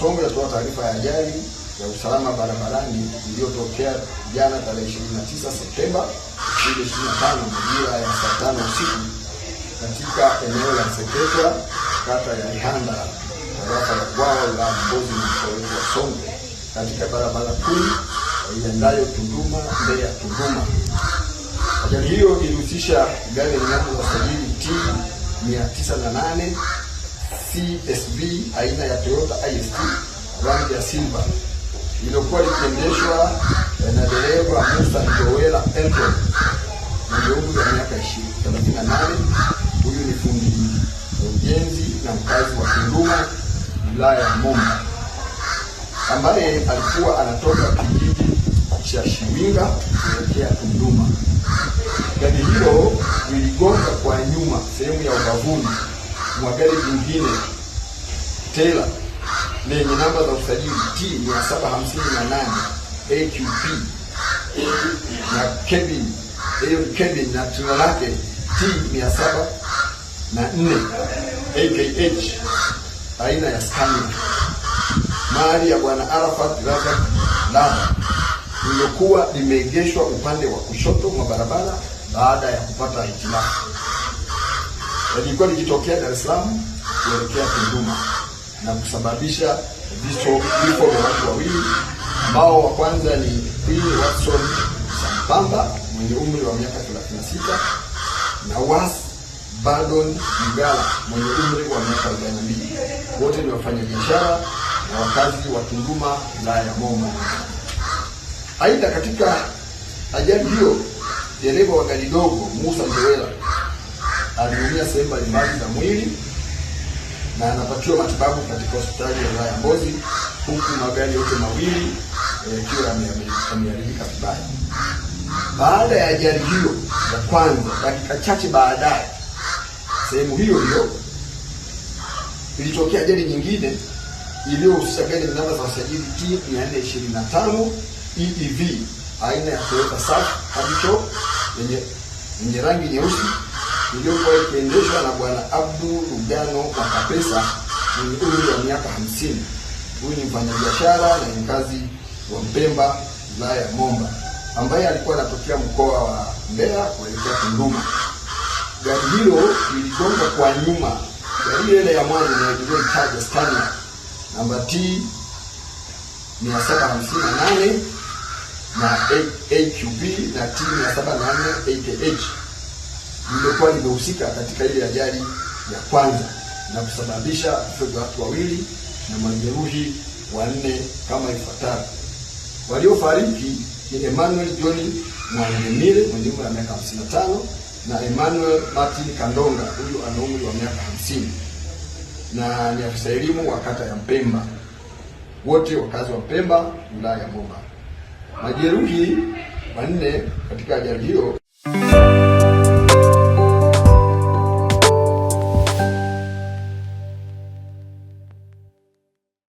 Songwe natoa taarifa ya ajali ya usalama barabarani iliyotokea jana tarehe 29 Septemba 2025 majira ya saa tano usiku katika eneo la Seketwa, kata ya Ihanda, tarafa ya Bwawa la Mbozi mkoa wa Songwe, katika barabara kuu iendayo Tunduma ya Tunduma. Ajali hiyo ilihusisha gari lenye namba za usajili T 908 CSV aina ya Toyota IST rangi ya silver iliyokuwa likiendeshwa eh, na dereva Musa Joela Elton mwenye umri wa miaka 38. Huyu ni fundi ujenzi na mkazi wa Tunduma wilaya ya Momba ambaye alikuwa anatoka kijiji cha Shiwinga kuelekea Tunduma. Gari hilo liligonga kwa nyuma sehemu ya ubavuni magari mengine tela lenye namba za usajili T 758 AQP na Kevin AF Kevin na tuna lake T 704 AKH aina ya Scania mali ya Bwana Arafat Raza Lada lililokuwa limeegeshwa upande wa kushoto mwa barabara baada ya kupata hitilafu lilikuwa nikitokea Dar es Salaam kuelekea Tunduma na kusababisha vifo vya watu wawili ambao wa kwanza ni Bill Watson Sampamba mwenye umri wa miaka 36 na Was Badon Mgala mwenye umri wa miaka 42. Wote ni wafanyabiashara na wakazi wa Tunduma, wilaya ya Momo. Aidha, katika ajali hiyo dereva wa gari dogo Musa Ndewela aliumia sehemu mbalimbali za mwili na anapatiwa matibabu katika hospitali ya wilaya ya Mbozi, huku magari yote mawili eh, yakiwa yameharibika vibaya. Baada ya ajali hiyo ya kwanza, dakika chache baadaye, sehemu hiyo hiyo ilitokea ajali nyingine iliyohusisha gari namba za usajili T 425 EEV aina ya Toyota Surf Capital yenye rangi nyeusi iliyokuwa ikiendeshwa na Bwana Abdu kwa kapesa mwenye umri wa miaka hamsini. Huyu ni mfanyabiashara na ni mkazi wa Mpemba, wilaya ya Momba, ambaye alikuwa anatokea mkoa wa Mbeya kuelekea Tunduma. Gari hilo liligonga kwa nyuma gari ile ya mwanzo inayoitaja Scania namba T 758 na AQB na T 784 AKH lililokuwa limehusika katika ile ajali ya kwanza na kusababisha vifo vya watu wawili na majeruhi wanne kama ifuatavyo. Waliofariki ni Emmanuel John Mwangemile mwenye umri wa miaka 55 na Emmanuel Martin Kandonga, huyu ana umri wa miaka 50 na ni afisa elimu wa kata ya Mpemba, wote wakazi wa Mpemba, wilaya ya Moba. Majeruhi wanne katika ajali hiyo